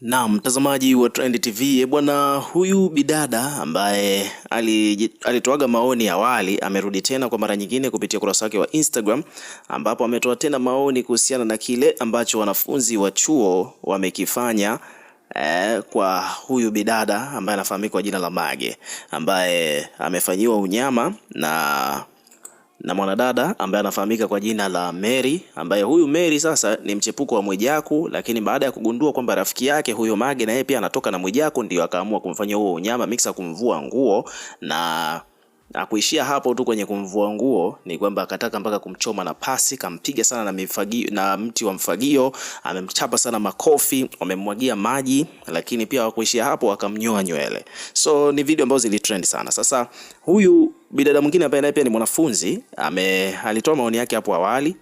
Na mtazamaji wa Trend TV eh, bwana, huyu bidada ambaye alitoaga maoni awali amerudi tena kwa mara nyingine kupitia ukurasa wake wa Instagram, ambapo ametoa tena maoni kuhusiana na kile ambacho wanafunzi wa chuo wamekifanya eh, kwa huyu bidada ambaye anafahamika kwa jina la Mage ambaye amefanyiwa unyama na na mwanadada ambaye anafahamika kwa jina la Mary, ambaye huyu Mary sasa ni mchepuko wa Mwijaku, lakini baada ya kugundua kwamba rafiki yake huyo Mage na yeye pia anatoka na Mwijaku, ndio akaamua kumfanya huo unyama mixa kumvua nguo na akuishia hapo tu kwenye kumvua nguo ni kwamba akataka mpaka kumchoma na pasi, kampiga sana na mifagio, na mti wa mfagio, amemchapa sana makofi, wamemmwagia maji, lakini pia hawakuishia hapo, akamnyoa nywele. So ni video ambazo zilitrend sana. Sasa huyu Bidada mwingine ambaye naye pia ni mwanafunzi ame alitoa maoni yake hapo awali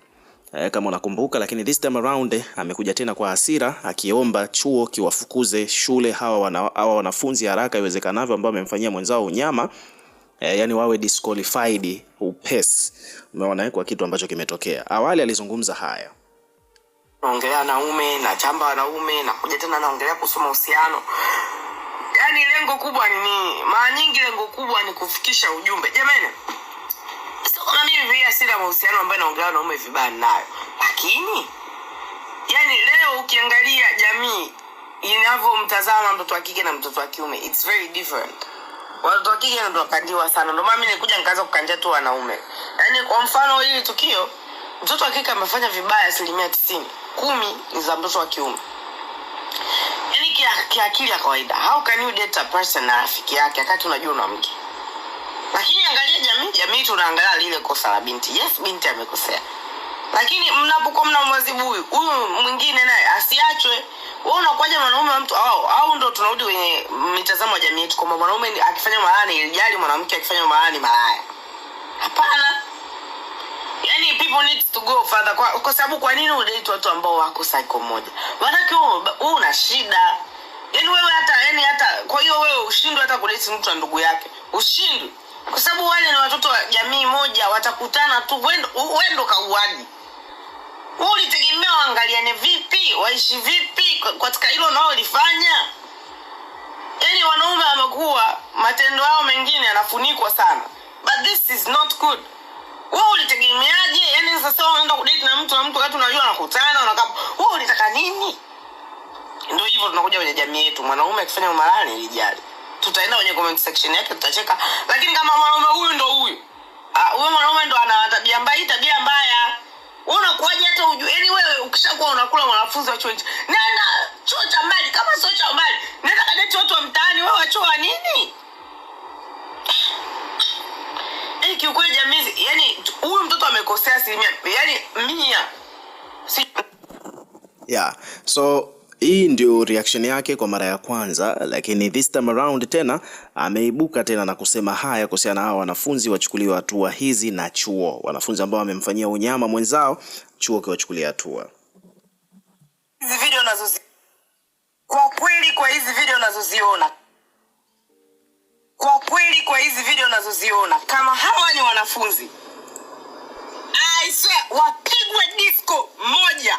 e, kama unakumbuka, lakini this time around eh, amekuja tena kwa hasira akiomba chuo kiwafukuze shule hawa, wana, hawa wanafunzi haraka iwezekanavyo ambao wamemfanyia mwenzao unyama e, yani wawe disqualified upesi. Umeona kwa kitu ambacho kimetokea. Awali alizungumza haya naongelea wanaume na chamba wanaume na kuja tena naongelea kusoma uhusiano yaani lengo kubwa ni nini mara nyingi lengo kubwa ni kufikisha ujumbe jamani so kama mimi via sina mahusiano ambayo naongea naume vibaya nayo lakini yani leo ukiangalia jamii inavyomtazama mtoto wa kike na mtoto wa kiume its very different watoto wa kike ndokandiwa sana ndomaana mi nikuja nikaanza kukandia tu wanaume yaani kwa mfano hili tukio mtoto wa kike amefanya vibaya asilimia tisini kumi ni za mtoto wa kiume rafiki kiakili ya kawaida. How can you date a person na rafiki yake wakati unajua una mke? Lakini angalia jamii, jamii tunaangalia lile kosa la binti. Yes, binti amekosea, lakini mnapokuwa mna mnamwadhibu huyu huyu mwingine naye asiachwe, wewe unakuwaje mwanaume wa mtu au au ndo tunarudi kwenye mitazamo ya jamii yetu kwamba mwanaume akifanya malaya ni ilijali, mwanamke akifanya malaya ni malaya? Hapana people need to go further kwa, kwa sababu kwa nini udate watu ambao wako cycle moja? Maanake wewe una shida yani wewe hata yani hata kwa hiyo wewe ushindwe hata kudate mtu wa ndugu yake ushindwe, kwa sababu wale ni watoto wa jamii moja, watakutana tu. Wendo kauaji wewe ulitegemea waangaliane vipi, waishi vipi katika hilo unaolifanya? Yani wanaume wamekuwa matendo yao mengine yanafunikwa sana, but this is not good wewe ulitegemeaje? Yaani sasa unaenda kudate na mtu na mtu wakati unajua anakutana unakaa, wewe ulitaka nini? Ndio hivyo tunakuja kwenye jamii yetu, mwanaume akifanya umalani ilijali, tutaenda kwenye comment section yake tutacheka, lakini kama mwanaume huyu ndio huyu ah, huyo uh, mwanaume ndio ana tabia mbaya, tabia mbaya wewe unakuaje? Hata ujue, Yaani wewe ukishakuwa unakula wanafunzi wa chuo, nenda chuo cha mbali, kama sio cha mbali, nenda kadeti watu wa mtaani, wewe wa chuo huyu mtoto amekosea asilimia yani mia si... yeah so hii ndio reaction yake kwa mara ya kwanza, lakini this time around tena ameibuka tena na kusema haya kuhusiana na hao wanafunzi wachukuliwa hatua hizi na chuo, wanafunzi ambao wamemfanyia unyama mwenzao, chuo kiwachukulia hatua. Hizi video nazozi kwa kweli, kwa hizi video nazoziona, kwa kweli, kwa hizi video nazoziona, kama hawa ni wanafunzi wapigwe disco moja.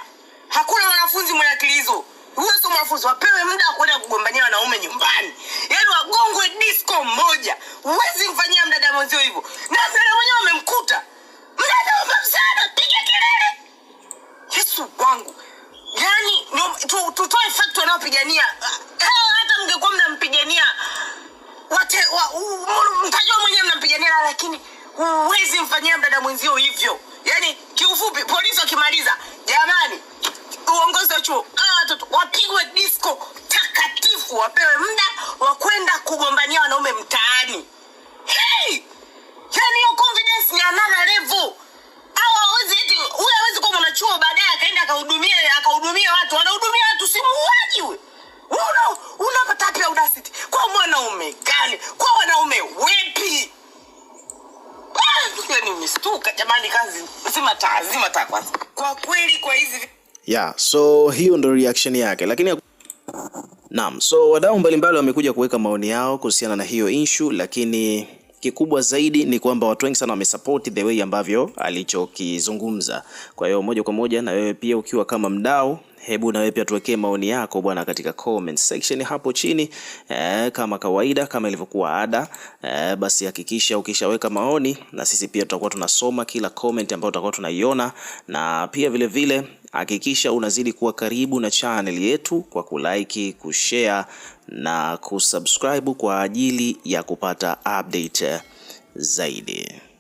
Hakuna wanafunzi mwenye akili hizo, huyo sio mwanafunzi. Wapewe muda wa kwenda kugombania wanaume nyumbani, yaani wagongwe disco moja. Huwezi mfanyia mdada mwenzio hivyo, na mdada mwenyewe amemkuta mdada wa msana, piga kelele. Yesu wangu, yani no, tutoe fact wanaopigania hata mngekuwa mnampigania wote wa, mtajua mwenyewe mnampigania, lakini huwezi mfanyia mdada mwenzio hivyo yaani kiufupi, polisi wakimaliza, jamani, uongozi wa chuo hawa watoto wapigwe disko takatifu, wapewe muda wa kwenda kugombania wanaume mtaani. Yani hiyo confidence ni anana levo au awezi eti, huyo awezi kuwa mwanachuo baadaye akaenda akahudumia akahudumia watu, wanahudumia watu, si muuaji huyu. Unapata pia audacity? Kwa mwanaume gani? Kwa wanaume jamani, kazi zima taa, zima taa kwanza. Kwa kweli kwa hizi yeah, so hiyo ndio reaction yake, lakini naam, so wadau mbalimbali wamekuja kuweka maoni yao kuhusiana na hiyo issue, lakini kikubwa zaidi ni kwamba watu wengi sana wamesupport the way ambavyo alichokizungumza. Kwa hiyo moja kwa moja na wewe pia ukiwa kama mdau Hebu na wewe pia tuwekee maoni yako bwana katika comment section hapo chini e, kama kawaida kama ilivyokuwa ada e, basi hakikisha ukishaweka maoni na sisi pia tutakuwa tunasoma kila comment ambayo tutakuwa tunaiona, na pia vile vile hakikisha unazidi kuwa karibu na channel yetu kwa kulike, kushare na kusubscribe kwa ajili ya kupata update zaidi.